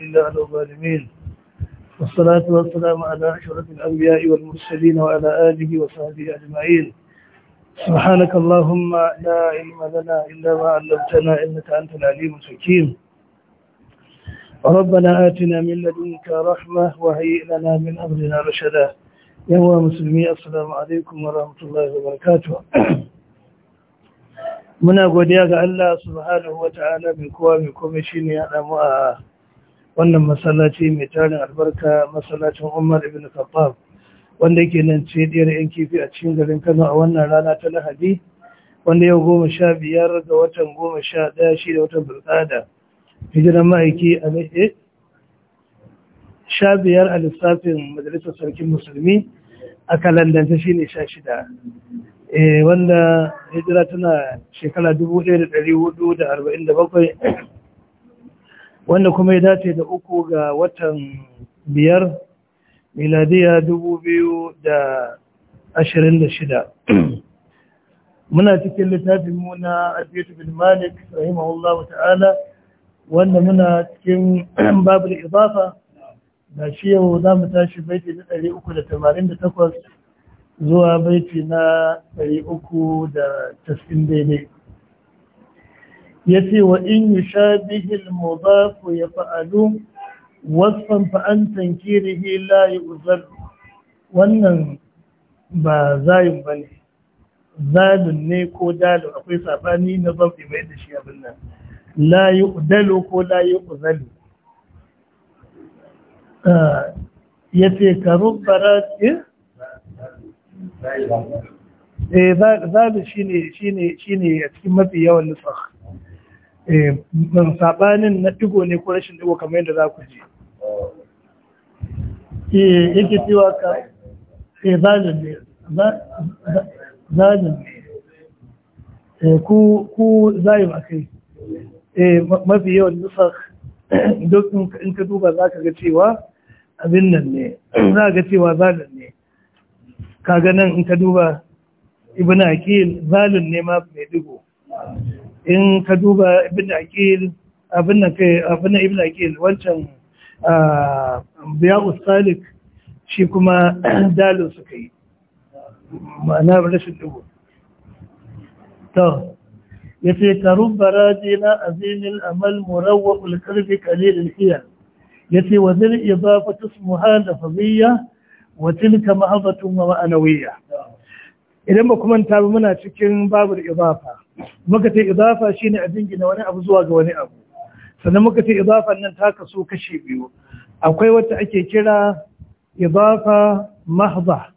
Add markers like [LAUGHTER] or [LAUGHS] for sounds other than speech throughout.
إلا على الظالمين والصلاة والسلام على أشرف الأنبياء والمرسلين وعلى آله وصحبه أجمعين سبحانك اللهم لا علم لنا إلا ما علمتنا إنك أنت العليم الحكيم ربنا آتنا من لدنك رحمة وهيئ لنا من أمرنا رشدا يا مسلمي السلام عليكم ورحمة الله وبركاته muna godiya ga Allah subhanahu wa ta'ala mai kowa mai kome shi ne ya damu a wannan masallaci mai tarin albarka masallacin umar ibn khattab wanda yake nan ɗiyar yan kifi a cikin garin kano a wannan rana ta lahadi wanda yau goma sha biyar ga watan goma sha ɗaya shi da watan bulƙada. hijiran ma'aiki a mai eh, sha biyar a lissafin majalisar sarkin musulmi a kalandanta shi ne sha shida eh, wanda hijira tana shekara dubu ɗaya da ɗari hudu da arba'in da bakwai wanda kuma ya dace da uku ga watan biyar miladiya dubu biyu da ashirin da shida [CLEARS THROAT] muna cikin littafin muna abiyatu bin malik rahimahullahu ta'ala wanda muna cikin [CLEARS THROAT] babul izafa da shi yau za mu tashi baiti na dari uku da tamanin da takwas zuwa baiti na dari uku da tasfin daidai Ya ce wa in yushabihi al-mudaf ya fa'adu fa an tankirihi la yu'zal wannan ba zayin bane zalun ne ko dalu akwai sabani na zabi mai da shi abin nan la yu'dalu ko la yu'zalu yace karubbarat eh zalu shine shine shine a cikin mafi yawan nusakh Eh, sabanin na digo ne ko rashin digo kamar yadda za ku ji eh, yake cewa ka zalin eh, ne zalin ne ku zalim a kai mafi yawan nufar [CLEARS THROAT] duk in ka duba za ka ga cewa abin nan ne za ga cewa zalun ne Ka nan in ka duba ibn akil zalun ne ma mai digo in ka duba ibn aqil abin da kai abin ibn aqil wancan biya'u salik shi kuma [CLEARS THROAT] dalil suka yi ma'ana rashin dubu to yace karub barajina azimil amal murawwaqul qalbi qalilul hiyal yace wa zil idafatu ismuha lafziyya wa tilka mahabatun wa ma'anawiyya idan ba kuma ta muna cikin babul idafa muka ce idafa shine abin gina wani abu zuwa ga wani abu sannan muka ce nan ta kaso kashi biyu akwai wata ake kira idafa mahza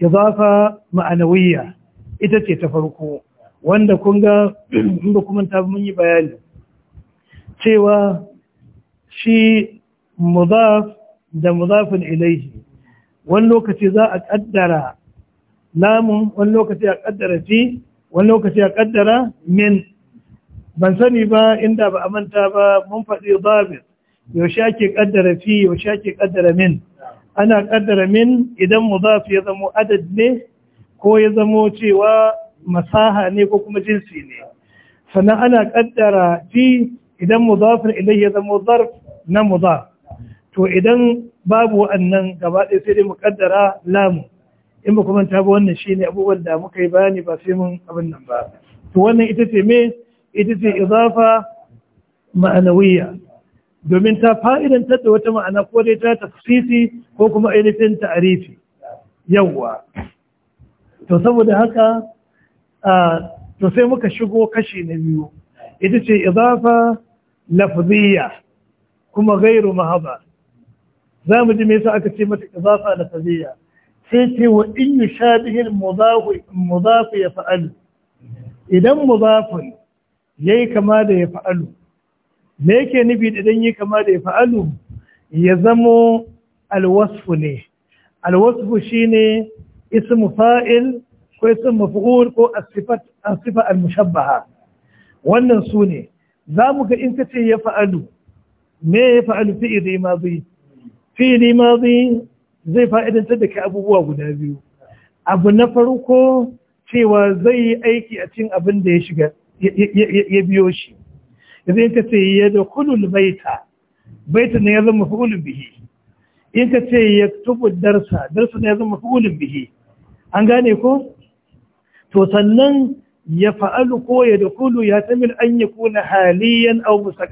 idafa ma'anawiyya ita ce ta farko wanda kun ga inda kuma ta mun yi bayani cewa shi mudaf da mudafin ilaihi wani lokaci za a kaddara lamun wani lokaci a kaddara fi wani lokaci a kaddara min ban sani ba inda ba a manta ba mun faɗi zabir yaushe ake kaddara fi yaushe ake kaddara min ana kaddara min idan mudaf ya zamo adad ne ko ya zamo cewa masaha ne ko kuma jinsi ne sannan ana kaddara fi idan mudafin ilai ya zamo zarf na mudaf to idan babu wannan gaba ɗaya sai dai mu kaddara lamu in ba kuma ta ba wannan shine abubuwan da muka yi bayani ba sai mun abin nan ba to wannan ita ce me ita ce izafa ma'anawiyya domin ta fa'idantar da wata ma'ana ko dai ta tafsisi ko kuma ainihin ta'arifi yawwa to saboda haka to sai muka shigo kashi na biyu ita ce izafa lafziya kuma gairu mahaba za mu ji me yasa aka ce mata izafa lafziya sai ce wa in yi shabihin muzafi ya fa'alu idan muzafin ya yi kama da ya fa'alu me yake nufi idan yi kama da ya fa'alu ya zamo alwasfu ne alwasfu shi ne ismu fa'il ko ismu fuhur ko asifa al-mushabbaha wannan su ne za mu ga in ka ce ya fa'alu me ya fa'alu fi'ili mazi zai fa'idantar da ka abubuwa guda biyu abu na farko cewa zai yi aiki a cin abin da ya shiga ya biyo shi zai ka ce ya da kulul baita baita na ya zama fi'ulun bihi in ka ce ya tubu darsa darsa na ya zama fi'ulun bihi an gane ko to sannan ya fa'alu ko ya da kulu ya tamil an ya kuna haliyan au musa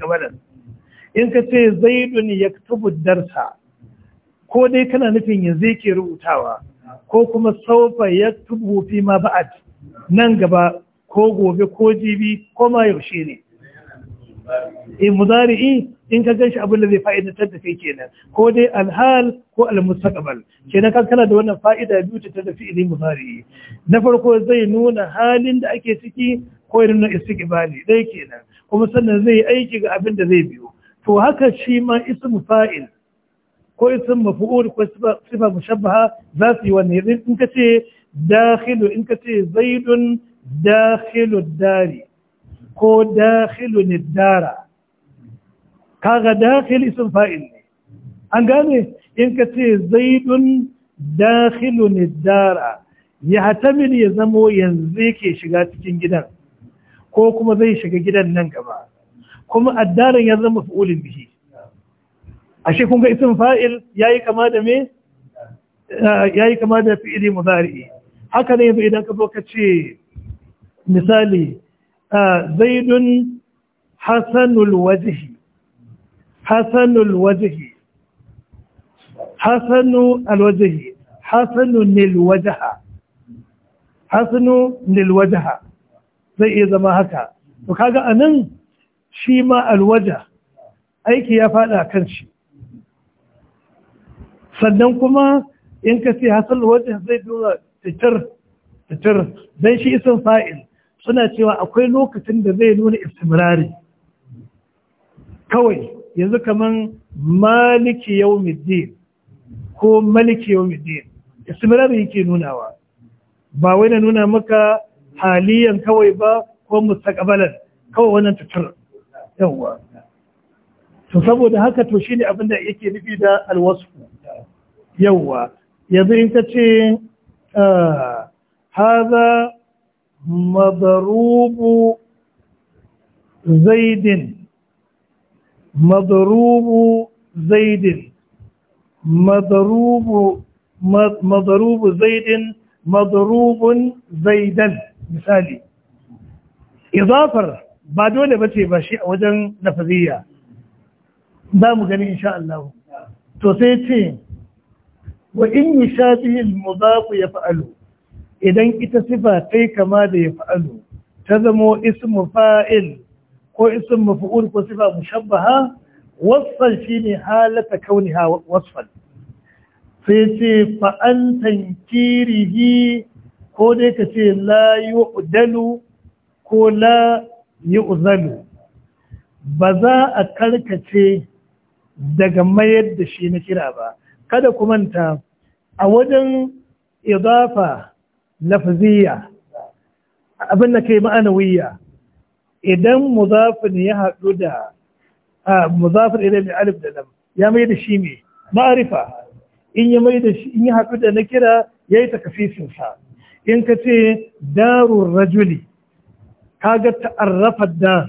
in ka ce zaidun ya tubu darsa ko dai kana nufin yanzu yake rubutawa ko kuma saufa ya tubu fi ma ba'ad nan gaba ko gobe ko jibi ko ma yaushe ne in eh, muzari'i in ka shi abin da zai fa'idantar da kai kenan ko dai alhal ko almustaqbal kenan kan kana da wannan fa'ida biyu ta tafi ilmi muzari'i na farko zai nuna halin da ake ciki ko ya nuna istiqbali dai kenan kuma sannan zai aiki ga abin da zai biyo to haka shi ma ismu fa'il ko isin mafu'ul ko sifa mushabbaha za su yi wanne in ka ce dakhilu in ka ce zaidun dakhilu dari ko dakhilu nidara ga dakhil isin fa'il ne an gane in ka ce zaidun dakhilu nidara ya min ya zamo yanzu yake shiga cikin gidan ko kuma zai shiga gidan nan gaba kuma addaran ya zama fa'ulin bihi ashe kun ga isim fa'il yayi kama da me eh, yayi kama da fi'ili mudari haka ne idan ka zo ka ce misali eh, zaidun hasanul wajhi hasanul wajhi hasanu alwajhi hasanu nilwajaha hasanu wajha zai iya zama haka to kaga anan shi ma alwaja aiki ya fada kan shi sannan kuma in ka ce hasal wajen zai nuna fitar titir dan shi isan fa'il suna cewa akwai lokacin da zai nuna istimirari kawai yanzu kaman maliki yau yawmiddin ko maliki yau yawmiddin istimirari yake nunawa ba wai na nuna maka haliyan kawai ba ko mustaqbalan kawai wannan fitar yawa to saboda haka to shine abin da yake nufi da alwasu yawwa yanzu in ka ce ah, haza madarubu zaidin madarubu zaidin madarubu madarubu zaidin madarubun zaidan misali izafar ba dole ba ce ba shi a wajen nafaziyya za mu gani insha to sai ce wa in yi shafihin ku ya fa'alu idan ita sifa ta kama da ya fa'alu ta zamo ismu fa'il ko ismu mafa'ul ko sifa mushabbaha wasfan shi ne halata kauniha wasfan sai ce fa'antan kirihi ko dai ka ce la yi udalu ko la yi uzalu ba za a karkace daga mayar da shi na kira ba kada ku manta a wajen idafa lafziya abin da kai ma'anawiyya idan muzafin ya haɗu da muzafin idan mai alif da lam ya mai da shi ne ma'arifa in ya mai da shi in ya haɗu da na kira ya yi takafisinsa in ka ce darun rajuli ka ga ta'arrafa da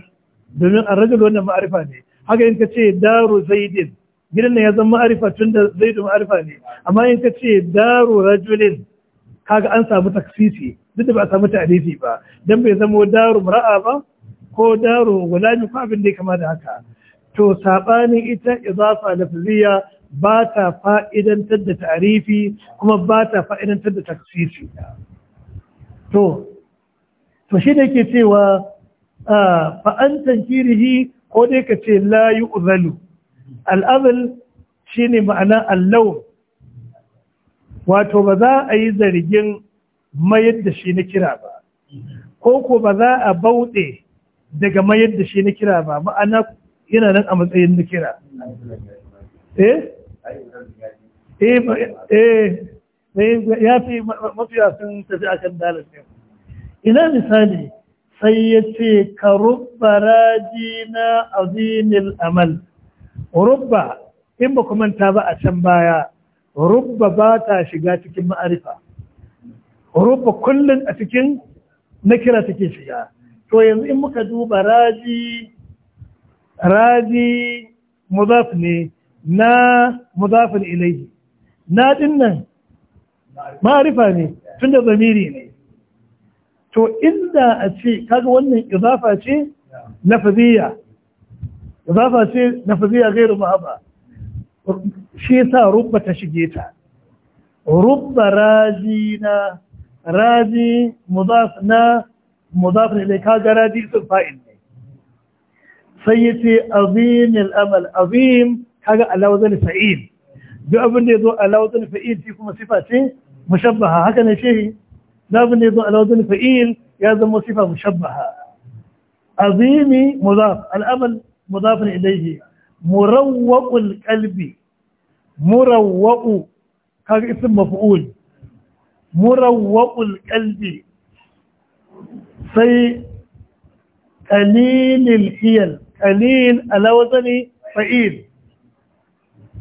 domin a rajul wannan ma'arifa ne haka in ka ce daru zaidin gidan nan ya zama ma'arifa tun da zai da ma'arifa ne amma in ka ce daru rajulin kaga an samu taksisi duk da ba a samu ta'arifi ba dan bai zama daru mara'a ba ko daru gulami ko abin da ya kama da haka to sabanin ita izafa lafziya ba ta fa'idantar da ta'arifi kuma ba ta fa'idantar da taksisi to to shi da ke cewa ah, fa'an kirihi ko dai ka ce layu uzalu al'azal shi ne ma'ana allau wato ba za a yi zargin mayar da shi na kira ba ko ko ba za a bauɗe daga mayar da shi na kira ba ma'ana yana nan a matsayin na kira eh, eh, eh, eh ya fi mafiya sun tafi akan dalar ne ina misali sai ya ce ka rubbara jina azimin amal rubba in ba manta ba a can baya rubba ba ta shiga cikin ma'arifa rubba kullum a cikin nakira take shiga to yanzu in muka duba raji raji mudaf ne na mudafin ilaihi na dinnan ma'arifa ne tun da zamiri ne to inda a ce kaga wannan izafa ce na lafaziyya izafa ce nafiziya gairu mahaba shi sa rubba ta shige ta rubba raji na raji mudaf na mudaf ne ka ga raji sun fa'il ne sai yace azim al-amal azim kaga alawzan fa'il duk abin da yazo alawzan fa'il shi kuma sifa ce mushabbaha haka ne shehi duk abin da yazo alawzan fa'il ya zama sifa mushabbaha azimi mudaf al-amal مضاف إليه مروق القلب مروق كان اسم مفعول مروق القلب سي قليل الحيل قليل على وزني فعيل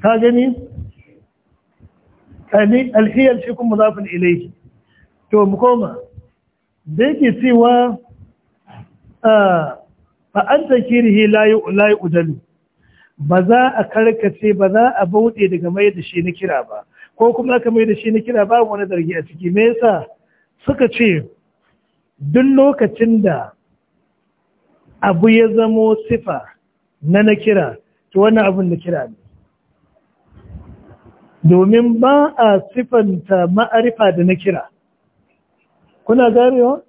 كاجني يعني قليل الحيل شيء مضاف إليه تو مقومة بيجي سوى آه، fa an zakirihi layi udalu ba za a karkace ba za a bauɗe daga mai da shi na kira ba ko kuma aka mai da shi na kira ba wani zargi a ciki me yasa suka ce duk lokacin da abu ya zamo sifa na na kira to wannan abin da kira ne domin ba a sifanta ma'arifa da na kira kuna garewa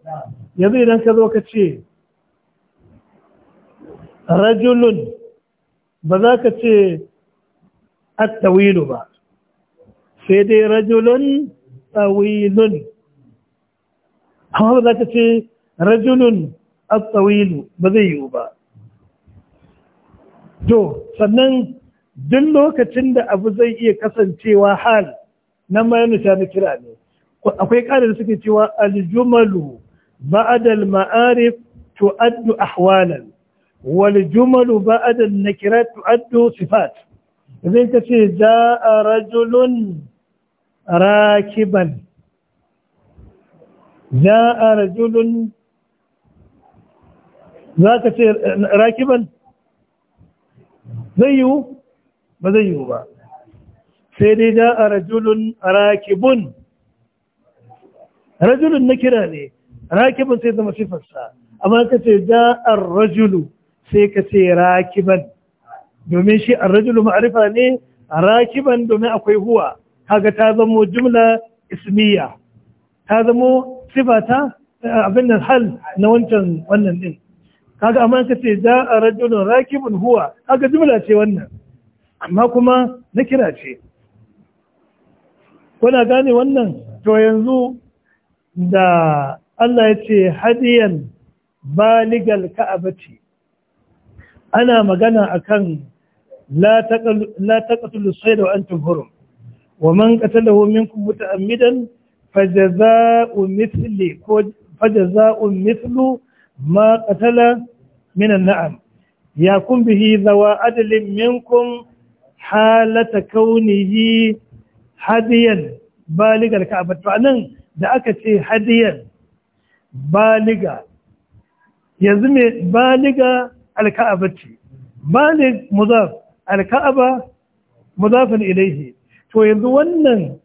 yanzu idan ka zo ka ce rajulun ba za ka ce attawilu ba sai dai rajulun tsawilun amma ba za ka ce rajulun attawilu ba zai yiwu ba to sannan duk lokacin da abu zai iya kasancewa hal na ma yana shani kira ne akwai ƙarin suke cewa aljumalu ba'adal ma'arif tu'addu ahwalan والجمل بعد النكرات تعد صفات إذن تسير جاء رجل راكبا جاء رجل لا تسير راكبا زيه زيو بقى سير جاء رجل راكب رجل نكراني راكب سيد مصيف الساعة أما تسير جاء الرجل sai ka ce rakiban domin shi ar-rajulu ma'arifa ne rakiban domin akwai huwa kaga ta zamo jumla ismiya ta zamo sifata eh, abin nan hal na wancan wannan din kaga amma ka ce za a rajulun rakibun huwa kaga jumla ce wannan amma kuma na kira ce kuna gane wannan to yanzu da Allah ya ce hadiyan baligal ka'abati ana magana akan la taqtulu sayda wa antum hurum wa man qatalahu minkum muta'ammidan fajaza'u mithli ko fajaza'u mithlu ma qatala min an-na'am yakun bihi zawa adlin minkum halata kaunihi hadiyan baligar ka'aba to anan da aka ce hadiyan baliga yanzu baliga alka'aba ce malik muzaf alka'aba muzafin ilaihi to yanzu wannan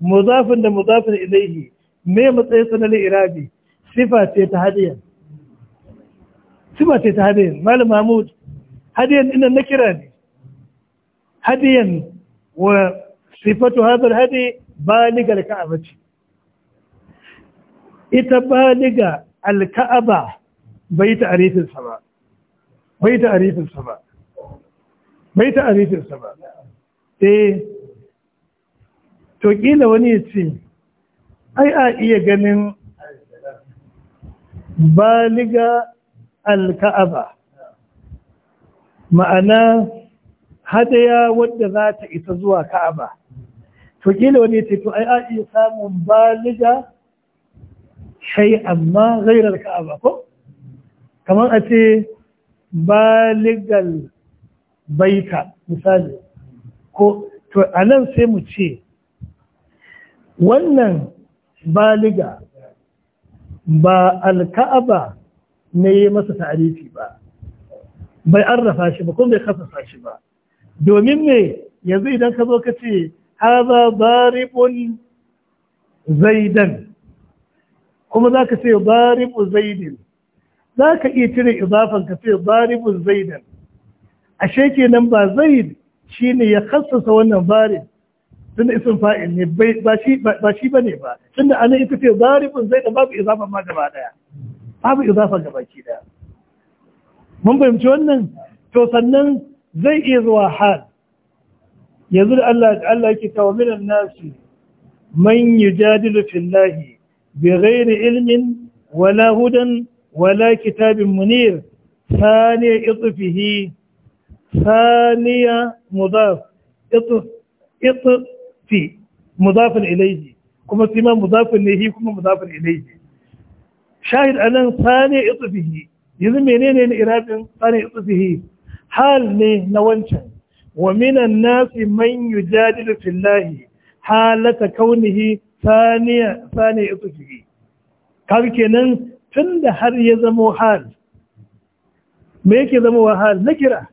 muzafin da muzafin ilaihi me matsayin sanar irabi sifa ce ta hadiyan sifa ce ta hadiyan malam mahmud hadiyan ina na kira ne hadiyan wa sifatu hadar hadi baliga alka'aba ce ita baliga alka'aba bai ta arifinsa ba bai ta'arifinsa ba bai ta'arifinsa ba eh to kila wani ya ce ai a iya ganin baliga alka'aba ma'ana hadaya wadda za ta isa zuwa ka'aba to kila wani ya ce to ai a iya samun baliga shai amma gairar ka'aba ko kamar a ce baligal baita misali ko to anan sai mu ce wannan baliga ba alka'aba ne ya masa tarihi ba bai arrafa shi ba kuma bai kasasa shi ba domin ne yanzu idan ka zo ka ce haza baribun zaidan kuma za ka ce baribu zaidin za ka iya cire izafan ka ce zaribun zaidan sheke nan ba zaid ne ya khassasa wannan zarib tun da isin fa'il ne ba shi ba ne ba tun da ana ita ce zaribin zaidan babu izafan ma gaba daya babu izafan gaba ki daya mun fahimci wannan to sannan zai iya zuwa hal yanzu da Allah Allah yake kawo minan nasu man yujadilu fillahi bi ghairi ilmin wala hudan ولا كتاب منير ثاني إطفه ثانية مضاف إطف إطفي مضاف إليه كما سيما مضاف إليه كما مضاف إليه شاهد أنا ثاني إطفه يزم منين إراب ثاني إطفه حال نه نوانشا ومن الناس من يجادل في الله حالة كونه ثانية ثاني إطفه kaga kenan tun da har ya zamo hal me yake zama wa hal na kira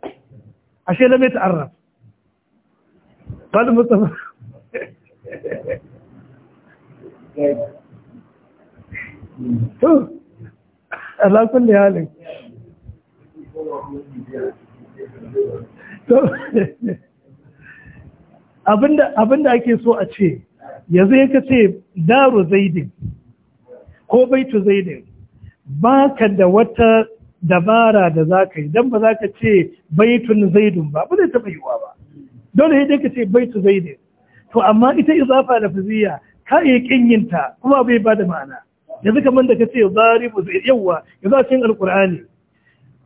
ashe na yata'arraf ta'arra, mustafa [LAUGHS] to ala kulli halin [LAUGHS] abinda abinda ake so a ce yanzu ka ce daru zaidin ko baitu zaidin ba ka da wata dabara da za ka yi don ba za ka ce baitun zaidun ba ba zai taɓa yiwuwa ba dole sai ka ce baitu zaidun to amma ita izafa da fiziya ka iya kinyinta kuma bai ba da ma'ana yanzu kamar da ka ce zaribu zai yawwa ya a cikin alkur'ani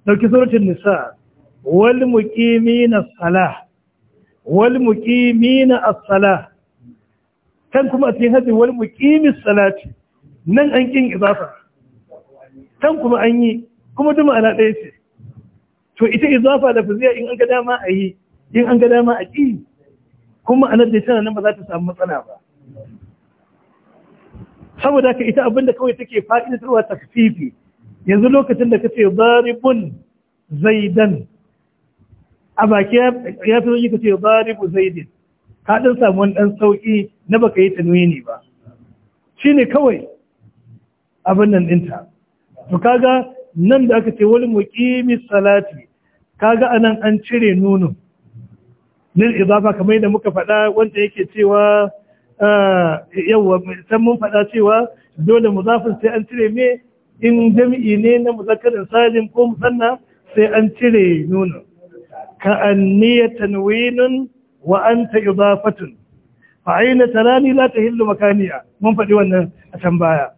dauki suratul nisa wal muqimina salah wal muqimina as-salah kan kuma a cikin hadin wal muqimis salati nan an kin izafa can kuma an yi kuma duma ana ɗaya ce to ita izafa da fuziya in an ga dama a yi in an ga dama a ƙi kuma ma'anar da tana nan ba za ta samu matsala ba saboda ka ita abin da kawai take fa'idatarwa fifi, yanzu lokacin da kace zaribun zaidan a baki ya fi zoji kace zaribu zaidin ka ɗan samu wani ɗan sauƙi na baka yi tanwini ba shi ne kawai abin nan ɗinta to kaga nan da aka ce wani muqimi salati kaga anan an cire nunu nil idafa kamar da muka faɗa wanda yake cewa eh, yawa san mun faɗa cewa dole muzafin sai an cire me in jami'i ne na muzakkarin salim ko musanna sai an cire nunu ka anniya tanwinun wa anta idafatun fa aina tarani la tahillu makaniya mun faɗi wannan a can baya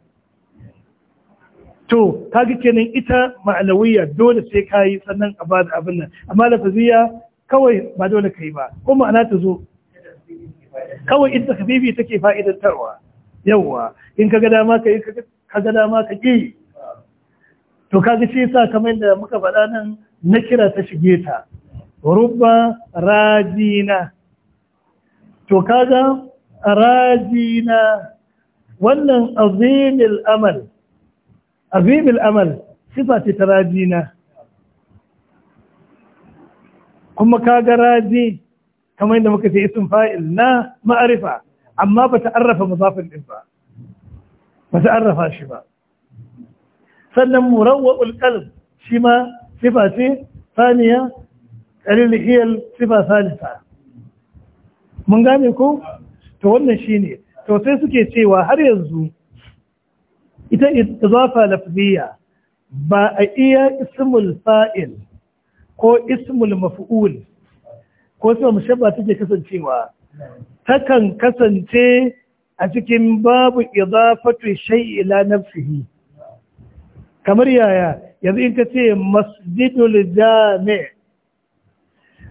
to kaga kenan ita ma'anawiya dole sai kayi sannan a ba da abin nan amma lafaziya kawai ba dole kai ba ko ma'ana ta zo kawai ita kafifi take fa'idantarwa yawwa in kaga dama ka yi kaga dama ka ki to kaga shi yasa kamar da muka faɗa nan na kira ta shige ta rubba rajina to kaga rajina wannan azimil amal أبيب الأمل صفة ترادينا كما كاغا راجي كما عندما كتي اسم فائل نا معرفة أما بتعرف مضاف الإنفاء بتعرف شما سنة مروء القلب شما صفة ثانية اللي هي الصفة ثالثة من قال لكم to شيني shine to sai suke cewa ita izafa lafziya ba a iya ismul fa'il ko ismul maf'ul ko mu mushabba take kasancewa takan kasance a cikin babu izafatu shay'i ila nafsihi kamar yaya yanzu in ka ce masjidul jami'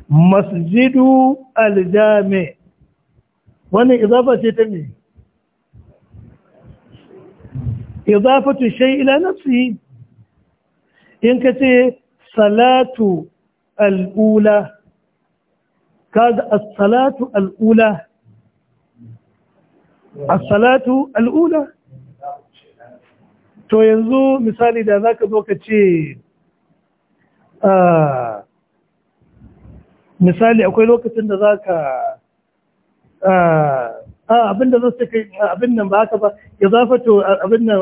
masjidu jami wannan izafa ce ta me idafatu shay ila nafsihi in ka ce salatu al'ula kaga as-salatu al'ula as-salatu al'ula to yanzu misali da zaka zo ka ce misali akwai lokacin da zaka Ah, abin da zai kai ah, abin nan ba haka ba ya zafatu ah, abin nan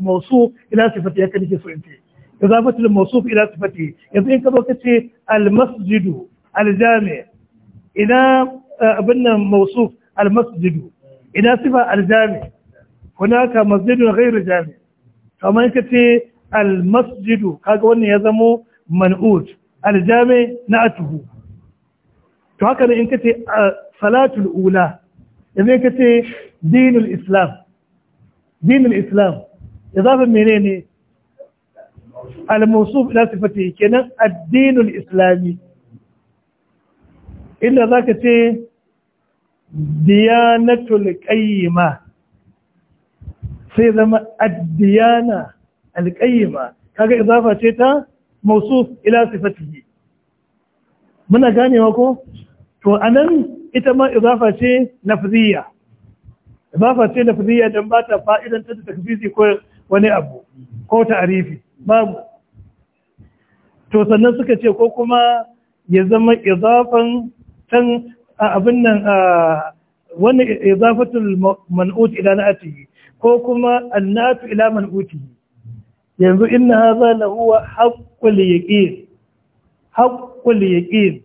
mausu ila sifati haka nake so in ce ya zafatu mausu ila sifati yanzu in ka zo ka ce al masjidu al jami ina abin nan mausu al masjidu ina sifa al jami hunaka masjidun ghairu jami amma in ka ce al masjidu kaga wannan ya zamo man'ut al jami na'atuhu to haka ne in ka ce salatul ula yanzu ka ce dinul islam dinul islam izafin ne al-mawsuf ila sifati kenan addinul islami inda za ka ce diyanatul qayyima sai zama addiyana diyana al-qayyima kaga izafa ce ta mawsuf ila sifati muna ganewa ko to anan ita ma izafa ce nafziya izafa ce nafziya dan ba ta fa'idan ta takfizi ko wani abu ko ta'rifi babu to sannan suka ce ko kuma ya zama izafan can abin nan wannan idafatul man'ut ila na'atihi ko kuma annatu ila man'utihi yanzu inna hadha lahu haqqul yaqin haqqul yaqin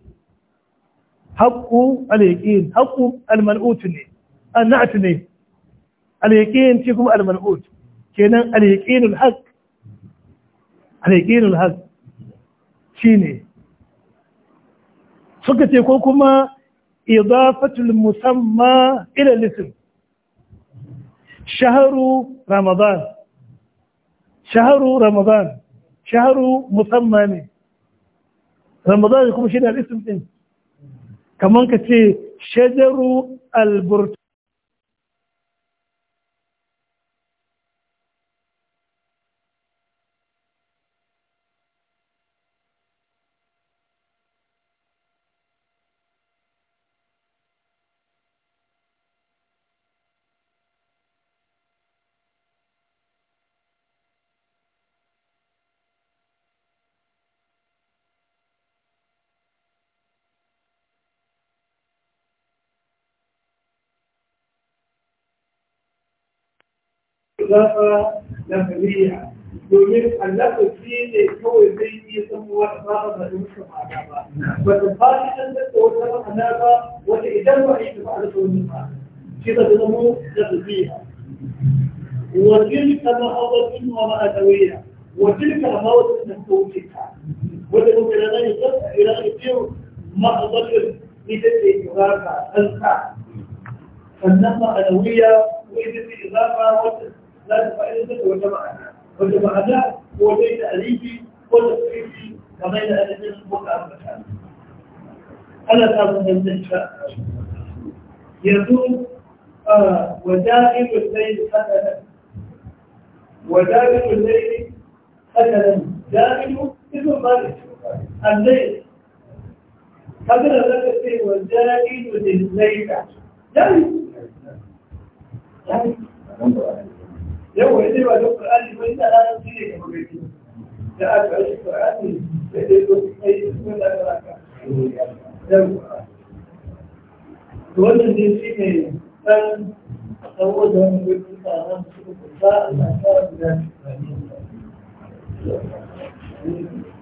حق اليقين حق المنؤوت لي النعتني اليقين فيكم المنؤوت كنا اليقين الحق اليقين الحق شيني فكتي كوكما إضافة المسمى إلى الاسم شهر رمضان شهر رمضان شهر مسمى رمضان يكون شنو الاسم انت كمان كتير شجر البرتقال إضافة لفظية domin allafafi ne kawai zai iya samuwa da ba a zaɓi musu ma'ana ba. Wata ba shi ɗan zaka wata ma'ana ba wata idan ba a yi ba a rasa wani ba. Shi da zamo da tafiya. Wajen kama hawakin wa ma'adawiya, wajen ka ma wata da kauce ka. Wata kuma da zai zaka ira da biyu ma'adawiya ita ce ibaka ɗanka. Sannan ma'adawiya ko ita ce ibaka wata لا تفعل وجمعنا وجمعنا هو بين أليفي وتفريفي وبين أليفي وكأم أنا ألا تعلم النشاء يقول آه، ودائم الليل حسنا ودائم الليل حسنا دائم اسم مالك الليل قبل ذلك في ودائم الليل دائم دائم yau wai ba da ƙur'ani ba ina ranar ne da aka yi ƙur'ani da dai zo kai su da aka yau wannan ne shi ne ɗan tsawo da wani gudun tsaron su ba a tsakawa guda Thank you.